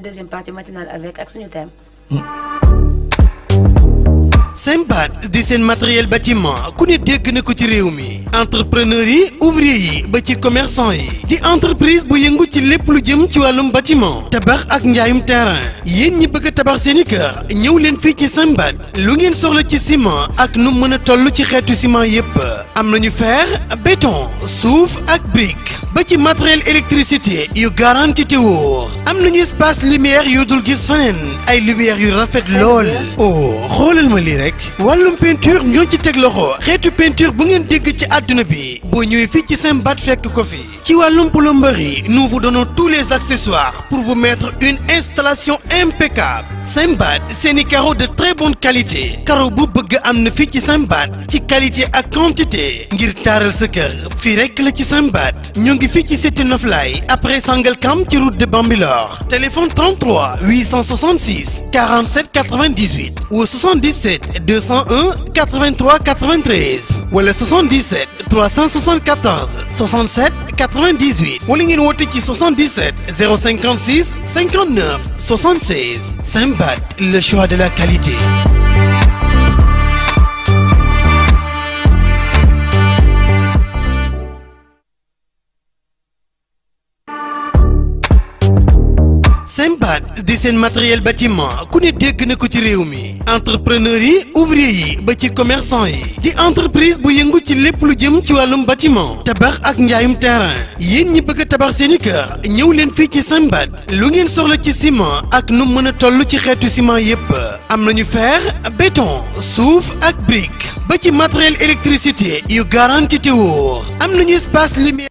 deuxième partie matinale avec ak suñu thème. Hmm. Saint-Bat di seen matériel bâtiment ku ne dégg na ko ci réew mi entrepreneur yi ouvrier yi ba ci commerçant yi di entreprise bu yëngu ci lépp lu jëm ci wàllum batiment tabax ak njaayum terrain yéen ñi bëgg a tabax seeni kër ñëw leen fii ci Saint-Bat lu ngeen soxla ci ciment ak nu mën a toll ci xeetu ciment yépp am na ñu feex béton suuf ak brique ba ci matériel électricité yu garanti te wóor am nañu espace lumière yu dul gis feneen ay lumière yu rafet lool oh ma lii rek wàllum peinture ñoo ci teg loxo xeetu peinture bu ngeen dégg ci àdduna bi boo ñëwee fii ci seen Simbat fekk ko fi ci wàllum plomberie nous vous donnons tous les accessoires pour vous mettre une installation impeccable Simbad seeni carreau de très bonne qualité carreau bu bëgg am na fii ci Simbad ci qualité ak quantité ngir taaral sa kër fii rek la ci Simbad ñoo ngi fii ci cité Noflaye après Sangalkam ci route de Bambilor téléphone 33 866 47 98 ou 77 201 83 93 wala 77 374 67 80 98 wala ngeen woote ci 77 056 59 76 Simbat le choix de la qualité. Imbat di seen matériel bâtiment ku ne dégg na ko ci réew mi entrepreneur yi ouvrier yi ba ci commerçant yi di entreprise bu yëngu ci lépp lu jëm ci wàllum bâtiment tabax ak njaayum terrain yéen ñi bëgg tabax seeni kër ñëw leen fii ci Imbat lu ngeen soxla ci ciment ak nu mën a toll ci xeetu ciment yépp am nañu fer béton suuf ak brique ba ci matériel électricité yu garanti te wóor am nañu espace lumière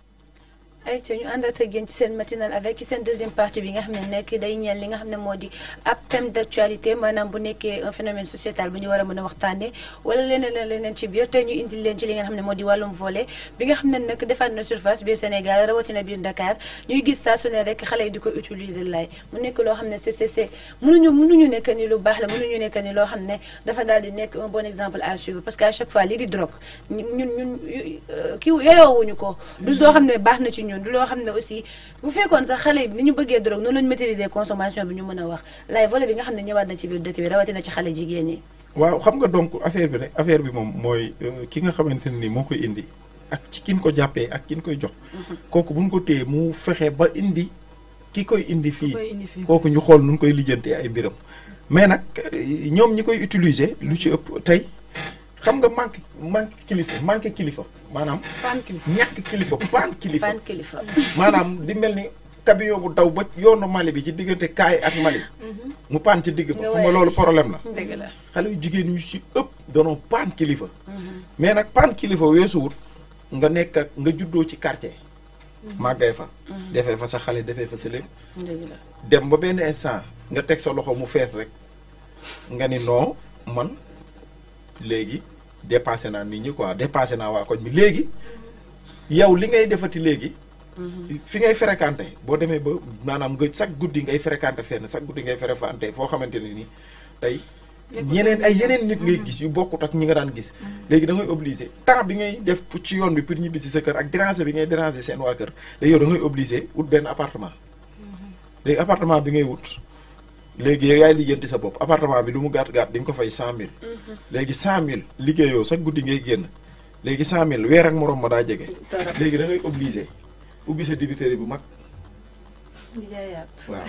ay ca ñu àndaat ak yéen ci seen matinal avec seen deuxième partie bi nga xam ne nekk day ñeel li nga xam ne moo di ab thème d'actualité maanaam bu nekkee un phénomène sociétal bu ñu war a mën a waxtaanee wala leneen la leneen ci biir tey ñu indil leen ci li nga xam ne moo di wàllum volet bi nga xam ne nag defaat na surface biir Sénégal rawatina biir Dakar ñuy gis saa ne rek xale yi di ko utiliser laay mu nekk loo xam ne CCC mënuñu mënuñu nekk ni lu baax la mënuñu nekk ni loo xam ne dafa daal di nekk un bon exemple à suivre euh, ko du loo xam noonu du loo xam ne aussi bu fekkoon sax xale ni ñu bëggee drogue noonu lañu maîtriser consommation bi ñu mën a wax laay volet bi nga xam ne ñëwaat na ci biir dëkk bi rawatina ci xale jigéen ñi waaw xam nga donc affaire bi rek affaire bi moom mooy euh, ki nga xamante ne ni moo koy indi ak ci kin ko jàppee ak kin koy jox mm-hmm. kooku buñ ko téyee mu fexe ba indi ki koy indi fii kooku ñu xool nu koy lijjantee ay biram mais nag euh, ñoom ñi koy utiliser lu ci ëpp tey xam nga manque manque kilifa manque kilifa maanaam. paan kilifa ñàkk kilifa paan kilifa. maanaam di mel ni. camion bu daw ba yoonu Mali bi ci diggante kaay ak Mali. Mhm. mu paan ci digg ba loolu problème la. xale yu jigéen ñu si ëpp danoo paan kilifa. Mhm. mais nag paan kilifa weesuwut nga nekk nga juddoo ci quartier. Mhm. màggay fa. defee fa sa xale defee fa sa lépp. dem ba benn instant nga teg sa loxo mu fees rek nga ni non man léegi. dépassé naa nit ñi quoi dépassé naa waa koñ bi léegi yow li ngay defati léegi. Mhm. fi ngay fréquenté boo demee ba maanaam nga chaque guddi ngay fréquenté fenn chaque guddi ngay fréquenté foo xamante ne nii tey. ñeneen ay yeneen nit ngay mhm. gis yu bokkut ak ñi nga daan gis. Mhm. léegi da ngay obligé temps bi ngay def ci yoon bi pour ñibbi si sa kër ak déranger bi ngay déranger seen waa kër léegi yow da ngay obligé wut benn apartement léegi appartement bi ngay wut. léegi yow yaay lijjanti sa bopp appartement bi du mu gàtt gàtt di nga ko fay cent mille. Mhm. léegi cent mille liggéeyoo sax guddi ngay génn léegi cent mille weer ak morom ma daa jege. léegi da ngay obligé ubbi sa dibiterie bu mag. waaw.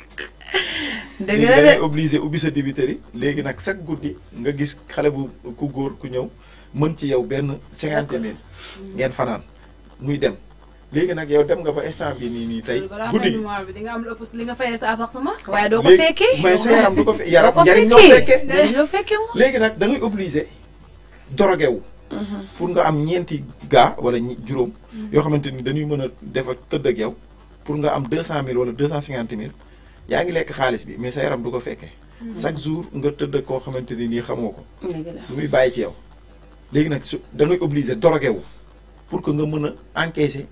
dëgg la léegi léegi nag chaque guddi nga gis xale bu ku góor ku ñëw mën ci yow benn cinquante mille ngeen fanaan muy dem. léegi nag yow dem nga ba instant bi nii nii tey. guddi bi di nga am lu ëpp li nga fayee sa appartement. waaye doo ko fekkee mais sa yaram du ko fe yaram njariñ ñoo fekkee. ñoo fekkee moom léegi nag da ngay obligé drogué wu. Mhm. pour nga am ñeenti gaa wala juróom. Mhm. yoo xamante ni dañuy mën a def ak tëdd ak yow pour nga am deux cent mille wala deux cent cinquante mille yaa ngi lekk xaalis bi mais sa yaram du ko fekkee. Mhm. chaque jour nga tëdd ak koo xamante ni nii xamoo ko. lu muy bàyyi ci yow. léegi nag su da ngay obligé drogué wu pour que nga mën a encaisser.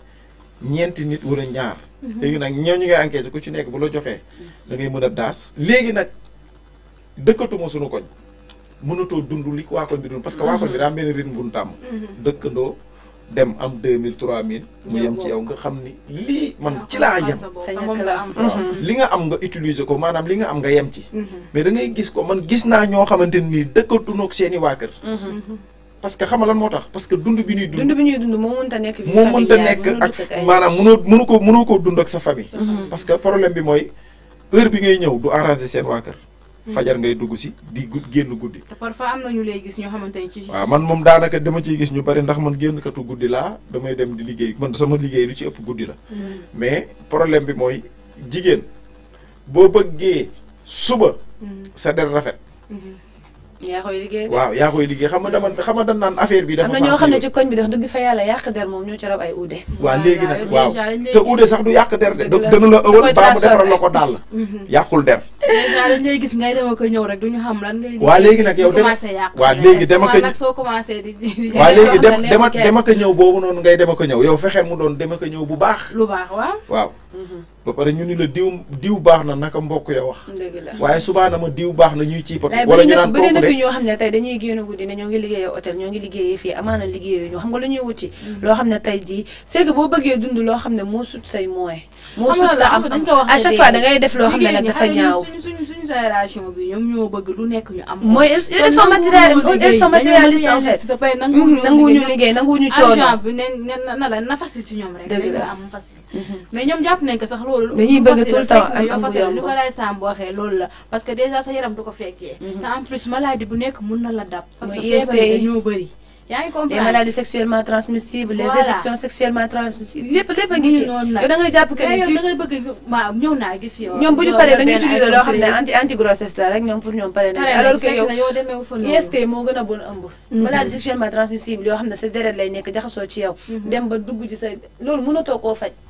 ñeenti nit a ñaar. Mhm. léegi nag ñooñu ngay encaissé ko ci nekk bu la joxee da ngay mën a daas léegi nag dëkkatuma sunu koñ mënatoo dund li waa koñ bi dund parce que waa koñ bi mhm. daa mel ni rythme bu mhm. dëkkandoo dem am deux mille trois mille. mu yem ci yow nga xam ni lii man ah, ci laa yem. li nga am nga utiliser ko maanaam li nga am nga yem ci. mais da ngay gis ko man gis naa ñoo xamante ni dëkkatuñu ak seen i waa kër. parce que xam nga lan moo tax parce que dund bi ñuy dund. dund bi ñuy dund moo mënta nekk. ak maanaam mënoo mënu ko mënoo koo dund ak sa famille. Mm-hmm. Mm-hmm. parce que problème bi mooy heure bi ngay ñëw du arranger seen mm-hmm. fajar ngay dugg si di génn guddi. te parfois am na ñu lay gis ñoo xamante ni ci. waaw man moom daanaka dama ciy gis ñu bari ndax man génn katu guddi laa damay dem di liggéey man sama liggéey lu ci ëpp guddi la. mais problème bi mooy jigéen boo bëggee suba. sa der rafet. yaa koy liggéey waaw yaa koy liggéey xam nga dama xam nga dañ na ñoo xam ne ci koñ bi de waaw léegi nag waaw te uude sax ko daal mhm. yàqul der. dèjà dañ lay ngay dem ak ñëw rek duñu xam lan ngay. léegi nag yow dem waaw léegi dem ak nag soo commencé di di. waaw léegi dem dem ak ñëw boobu noonu ngay dem ak ñëw yow fexeel mu doon dem ak ñëw bu baax. lu baax waaw waaw ba pare ñu ni la diw diw baax na naka mbokk ya wax. waaye subaana ma diw baax na ñuy ciipatu. wala ñu naan kooku de ñoo xam ne tey dañuy génn guddi ne ñoo ngi liggéeyee hôtel ñoo ngi liggéeyee fii amaana liggéeyee ñoo xam nga lu wuti. Mm-hmm. loo xam ne tey jii c'est boo bëggee dund loo xam ne moo sut say moyen. moo sut sa am à chaque fois da ngay def loo xam ne nag dafa ñaaw génération bi ñoom ñoo bëgg lu nekk ñu am. mooy ils sont matérialistes ils sont matérialistes en na mm-hmm. la na facile ci ñoom rek. dëgg la am facile. Mm-hmm. mais ñoom jàpp nañ sax loolu. dañuy bëgg tout le temps ak am ko lay sàmm waxee loolu la parce que déjà sa yaram du ko fekkee. Mm-hmm. te en plus maladie bu nekk mun na la dab. parce que feebar yi dañoo bëri. yaa ngi comprendre les maladies sexuellement transmissibles. les infections sexuellement transmissibles lépp lépp a ngi ci. yow da ngay jàpp que ni ci da ngay bëgg waaw ñëw naa gis yow. ñoom bu ñu paree dañuy tuddee loo xam ne anti anti grossesse la rek ñoom pour ñoom pare nañu alors que yow IST moo gën a bon ëmb. Mhm. maladie sexuellement transmissible yoo xam ne sa deret lay nekk jaxasoo ci yow. Mhm. dem ba dugg ci sa loolu mënatoo koo faj.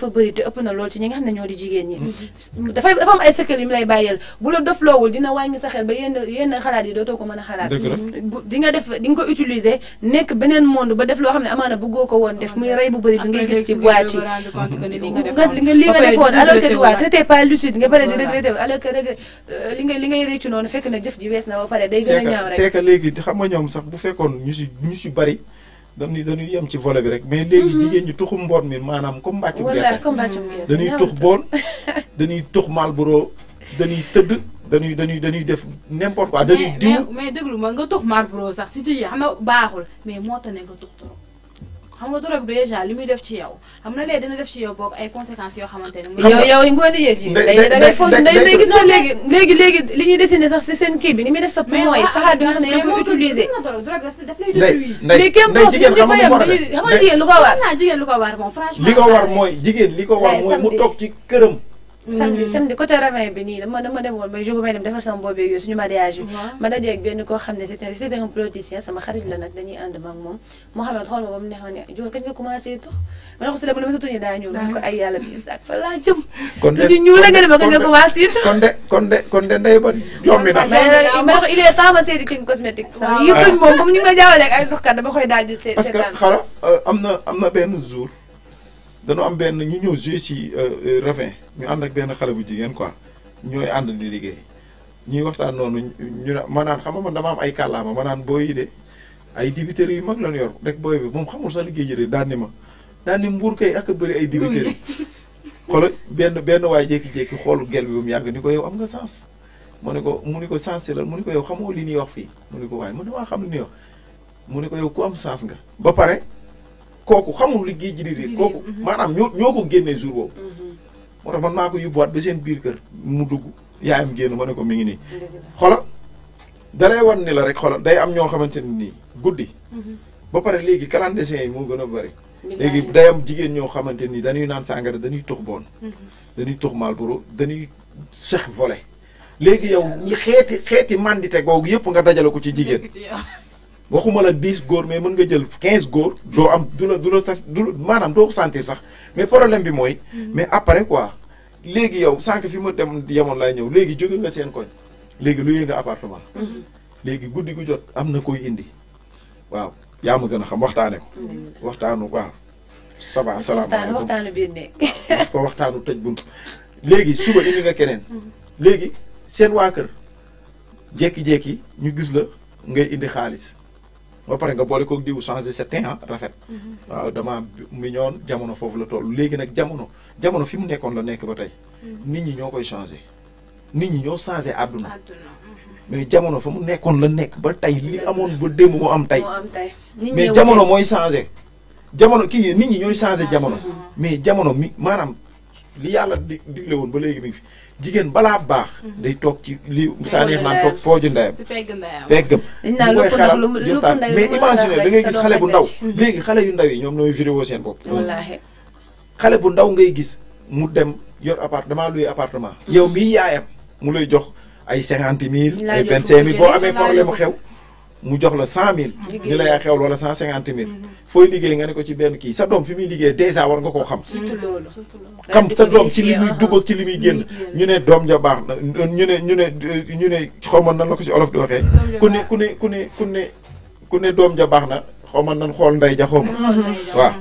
dafa bëri te ëpp na lool ci ñi nga xam ne ñoo di jigéen ñi mm-hmm. dafay dafa am ay secret yu yi dootoo ko a xalaat di nga def di ko utiliser nekk beneen monde ba loo xam ne amaana bëggoo ko woon def muy rey bu na jëf ji wees na ba a ñaaw ñoom sax bu fekkoon ñu si ñu si bari dam ni dañuy yem ci volet bi rek mais léegi mhm. jigéen ñi tuxu mboon mi maanaam comme mbàccum gerte dañuy tux boon dañuy tux Marlboro dañuy tëdd dañuy dañuy dañuy def n'importe quoi dañuy diw mais déglu ma nga tux Marlboro sax si jigéen xam na baaxul mais moo tax ne nga tux trop xam nga drogue déjà li muy def ci yow xam na léegi dina def ci yow boog ay conséquences yoo xamante ne. yow yow ngoone yéeg yi. da ngay foog day gis li ñuy dessiné sax si seen kii bi ni muy def sa poumon yi saxaat bi nga xam ne yow ko utilisé. mais képp koo xam ne ñu koy yem dañuy xam nga jigéen lu ko li ko war mooy li ko war mooy mu toog ci këram Mm-hmm. samedi mm-hmm. samedi côté Ravin bi nii dama dama demoon ba jour bu may dem defar sama boobu yooyu suñu mariage bi. ma dajeeg benn xam ne c'était c'était un politicien sama nga ko si la ma dama sa tuñu daa ñuul. ko kon de kon de kon de de ba jombi na. il est temps ma seeti king cosmétique. waaw yëpp moom comme ñu ma jaawale ak ay doxkat koy daal di seet. parce que euh, am na benn jour dañoo am benn ñu ñëw joué si euh, euh, Ravin ñu ànd ak benn xale bu jigéen quoi ñooy ànd di liggéey ñuy waxtaan noonu ñu ne ma naan xam nga man dama am ay kàllaama ma naan booy yi de ay dibiteri yu mag lañ yor rek booy bi moom xamul sa liggéey jëlee daan ma daan ni mbuur kay ak a ay dibiteri xoolal benn benn waay jékki-jékki xool gel bi ba mu yàgg ni ko yow am nga sens mu ne ko mu ne ko sens si lan mu ne ko yow xamoo li ñuy wax fii mu ne ko waaye mu ne waa xam li ñuy wax mu ne ko am sens nga ba pare kooku xamul liggéey ji di riir kooku mm-hmm. maanaam ñoo ñoo ko génnee jour boobu mm-hmm. moo tax man maa ko yóbbuwaat ba seen biir kër mu dugg yaayam génn ma ne ko mu ngi nii xola dalay wan ni la rek xola day am ñoo xamante ne nii guddi mm-hmm. ba pare léegi clandestin yi moo gën a bëri léegi day am jigéen ñoo xamante nii dañuy naan sàngara dañuy tux boon dañuy tux Marlboro dañuy sex vole léegi yow ñi xeeti xeeti mandite googu yëpp nga dajale ko ci jigéen waxuma la dix góor mais mën nga jël quinze góor doo am du la du la sa du maanaam doo ko sentir sax mais problème bi mooy. Mm. mais après quoi léegi yow sànq fi ma dem yemoon laay ñëw léegi jóge nga seen koñ léegi lu yee nga appartement. Mm-hmm. léegi guddi gu jot am na koy indi waaw yaa ma gën a xam waxtaane ko. Mm-hmm. waxtaanu waaw. ça va salaamaaleykum waxtaanu biir ne. daf ko waxtaanu tëj bunt léegi suba indi nga keneen. Mm-hmm. léegi seen waa kër jékki-jékki ñu gis la ngay indi xaalis. ba pare nga boole kook diw changer sa teint rafet. Mm-hmm. waaw dama mignon jamono foofu la toll léegi nag jamono jamono fi mu nekkoon la nekk ba tey. Mm-hmm. nit ñi ñoo koy changer nit ñi ñoo changer àdduna. Mm-hmm. mais jamono fa mu nekkoon la nekk ba tey li amoon ba démb moo am tey. mais jamono mooy changer. jamono kii nit ñi ñooy changer jamono. mais jamono mi maanaam. li yàlla di digle woon ba léegi mi ngi fi jigéen balaa baax. Mhm. day toog ci li saa neex naan toog pooju ndeyam. si peggam. lu ko ndax lu lu ko mais imagine da ngay gis xale bu ndaw. léegi xale yu ndaw yi ñoom ñooy vidéo seen bopp. xale bu ndaw ngay gis mu dem yor appartement luy mhm. apartement yow mii yaayam mu lay jox ay cinquante mille. ay vingt cinq mille boo amee problème mu xew. mu jox la cent mille ni la yaa xewal wala cent cinquante mille fooy liggéey nga ne ko ci benn kii sa doom fi muy liggéey dèjà war nga koo xam xam sa doom ci li muy dugg ak ci li muy génn ñu ne doom ja baax na ñu ne ñu ne ñu ne xawma nan la ko si olof di waxee ku ne ku ne ku ne ku ne ku ne doom ja baax na xawma nan xool ndey ja xawma waaw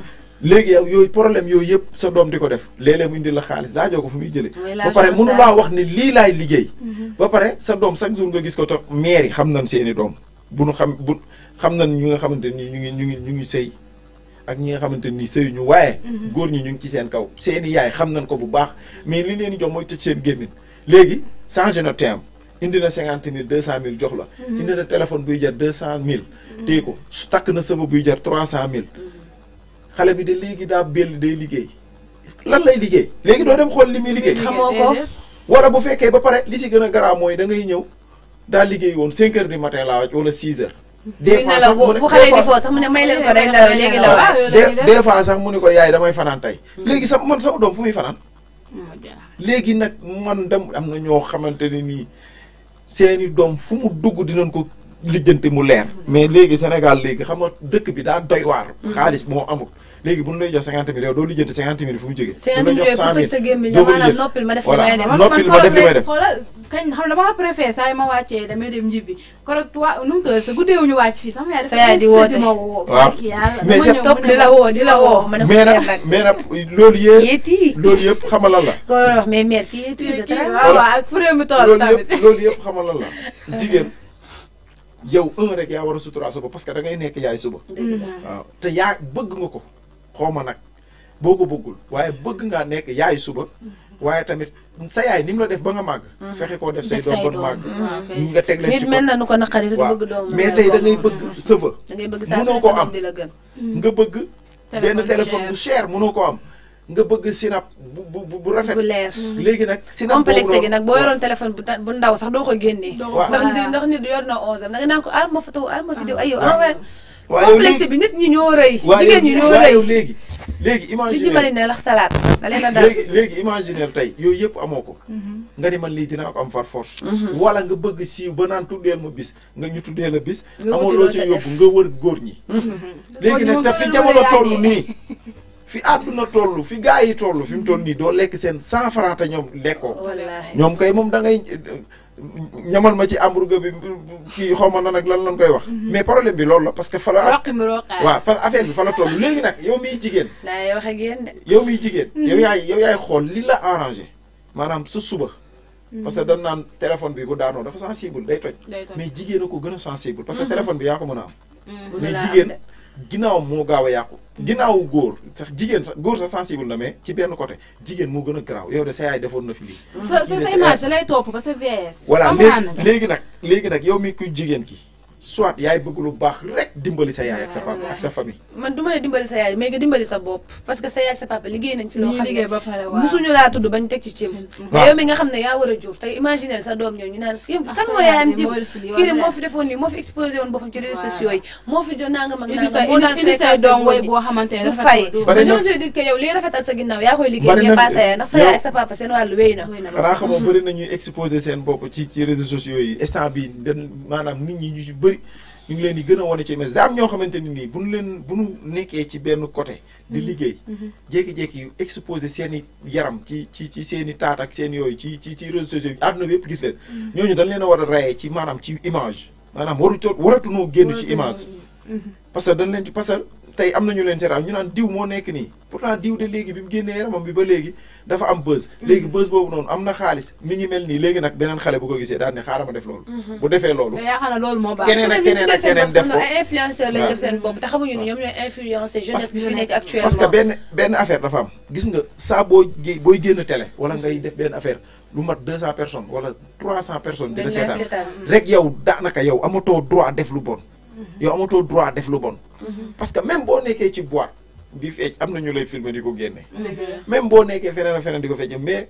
léegi yow yooyu problème yooyu yëpp sa doom di ko def léeg-léeg mu indi la xaalis laajoo ko fu muy jëlee ba pare mënu laa wax ne lii laay liggéey mhm. ba pare sa doom chaque jour nga gis ko toog maire yi xam nañ seeni doom bu nu xam bu xam na ñu nga xamante ni ñu ngi ñu ngi ñu ngi sëy ak ñi nga xamante ni sëyuñu waaye. Mhm. góor ñi ñu ngi ci seen kaw seeni yaay xam nañ ko bu baax mais li leen di jox mooy tëj seen gémmiñ léegi changé na time indi na cinquante mille deux cent mille jox la. Mhm. indi na téléphone buy jar deux cent mille. Mhm. téye ko su takk na sëba buy jar trois cent mille. xale bi de léegi daa bell day liggéey lan lay liggéey. léegi doo dem xool li muy liggéey. xamoo ko wala bu fekkee ba pare li si gën a garaaw mooy da ngay ñëw. daa liggéey woon 5 heures du matin laa wàcc wala 6 heures. des sax mu ne bu xale di sax mu ne ko day nelaw léegi la wàcc. des fois sax mu ne ko yaay damay fanaan tey. Hmm. léegi sax man sama doom fu muy fanaan. léegi nag man dem am na ñoo xamante ne nii seeni doom fu mu dugg dinañ ko lijjanti mu leer. Hmm. mais léegi Sénégal léegi xam nga dëkk bi daa doy waar. Hmm. xaalis moo amul. léegi bu ñu lay jox cinquante mille yow doo lijjanti cinquante mille fu mu jógee. bu noppil ma def li may def kañ xam dama préféré saa yi ma wàccee damay dem njibbi korog wa nu mu tëdd sa guddee ñu wàcc fii sama ma woo yàlla mais di la woo di la woo ma ne ko nag mais loolu yëpp yéeti loolu yëpp xamalal la ko yaa parce que da ngay nekk yaay suba mm-hmm. waaw te yaa bëgg nga ko xaw ma nag boo ko bëggul waaye bëgg ngaa nekk yaay suba mm-hmm. waaye tamit sa yaay ni mu la def ba nga màgg. Mm-hmm. fexe koo def say doom ba nu màgg. Mm-hmm. Ah, mm-hmm. nga teg leen ci nit mel na nu ko naqari rek bëgg doom mais tey da bëgg sëfa. da bëgg saa mënoo ko am nga bëgg. benn téléphone bu cher mënoo ko am. nga bëgg sinap bu bu bu rafet. bu leer léegi nag. sinap complexe gi nag boo yoroon téléphone bu bu ndaw sax doo ko génnee. ndax nit ndax nit yor na 11 am da ko aar ah, ma photo aar ah, ay yow. waaw complexe bi nit ñi ñoo rëy. jigéen ñi ñoo rëy léegi imaginaire li ci salaat. da léegi léegi imaginaire tey. yooyu yëpp amoo ko. Mhm. nga ni man lii dinaa ko am far force. Mhm. wala nga bëgg siiw ba naan tuddeel ma bis nga ñu tuddeel a bis. amoo loo ci yóbbu nga wër góor ñi. Mhm. léegi nag te fi jamono toll nii. fi àdduna toll fi gaa yi toll fi mu toll nii doo lekk seen cent franc te ñoom lekkoo. ñoom kay moom da ngay. ñamal ma ci hamburger bi kii xaw ma na nag lan lan koy wax. Mhm. mais problème bi lool la parce que. fa la roq fa affaire bi la toll léegi nag yow miy jigéen. laay wax ak yéen de. yow miy jigéen. Mhm. yow yaay yow yaay xool li la arrangé maanaam sa suba. Mhm. parce que dañ naan téléphone bi bu daanoo dafa sensible day toj. mais jigéen a ko gën a sensible. parce que téléphone bi yaa ko mën a am. mais jigéen. ginnaaw moo gaaw a yàqu. ginnaawu góor sax jigéen sax góor sax sensible na mais ci benn côté jigéen moo gën a garaaw yow de sa yaay defoon na fi lii. sa sa image da lay topp ba sa VS. voilà léegi nag léegi nag yow mi ku jigéen ki. soit yaay bëgg lu baax rek dimbali sa yaay ak sa papa ak sa famille. man du ma ne dimbali sa yaay mais nga dimbali sa bopp parce que sa yaay ak sa papa liggéey nañ fi loo xam ne ba pare waaw musuñu laa tudd bañ teg ci cim mais yow ah. mi nga xam ne yaa war a jur tey imaginer sa doom ñëw ñu naan ah, yow kan moo yaayam jib kii de moo fi defoon nii moo fi exposé woon boppam ci réseaux sociaux yi moo fi jox nangam ak nangam boo daan indi say doom way boo xamante ne dafa fay dama si dit que yow li rafetal sa ginnaaw yaa koy liggéey mais pas sa yaay ndax sa yaay ak sa papa seen wàllu wéy na xanaa xamoo bëri nañuy exposé seen bopp ci ci réseaux sociaux yi instant bi maanaam nit ñi ñu bëri ñu ngi leen di gën a wane ci mais daam ñoo xamante ne nii bu ñu leen bu ñu nekkee ci benn côté. di mm-hmm. liggéey. Mm-hmm. jékki-jékki exposé seen i yaram ci ci ci seen i taat ak seen yooyu ci ci ci réseaux sociaux yi àdduna bi yëpp gis leen. Mm-hmm. ñooñu dañ leen a war a rayee ci maanaam ci image maanaam waru waratu noo génn ci image. parce que dañ leen ci parce tey am na ñu leen seetaan ñu naan diw moo nekk nii pourtant diw de léegi bi mu génnee yaramam bi ba léegi dafa am buzz. Mm. léegi buzz boobu noonu am na xaalis mi ngi mel nii léegi nag beneen xale bu ko gisee daal ne xaaral ma def loolu. Mm-hmm. bu defee loolu. mais yaakaar naa loolu moo baax. keneen ak keneen ak keneen def ko ay influenceurs lañ def benn benn affaire dafa am gis nga saa boo booy génn télé wala ngay def benn affaire. lu mat deux cent personnes wala trois cent personnes. dina seetaan mm. rek yow daanaka yow amatoo droit def lu yow amatoo droit def lu bon. parce que même boo nekkee ci boîte di fecc am na ñu lay filmer di ko génne. Mhm. même boo nekkee feneen a feneen di ko fecc mais.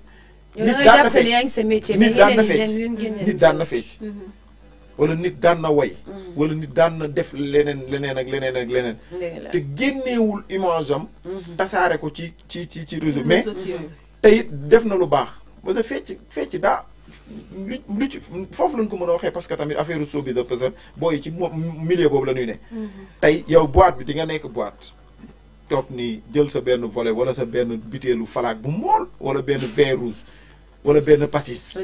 nit daan na fecc nit daan na fecc nit nit daan na way. Mhm. wala nit daan na def leneen leneen ak leneen te génneewul image am. Mhm. tasaare ko ci ci ci ci réseau mais tey def na lu baax parce que fecc fecc daa. lu ci foofu lañ ko mën a waxee parce que tamit affaire soo bi de pesa booy ci milieu boobu la ne. Mm-hmm. tey yow boîte bi di nga nekk boîte. toog ni jël sa benn volet wala sa benn butéelu falaak bu mool wala benn vin rouge wala benn pastis.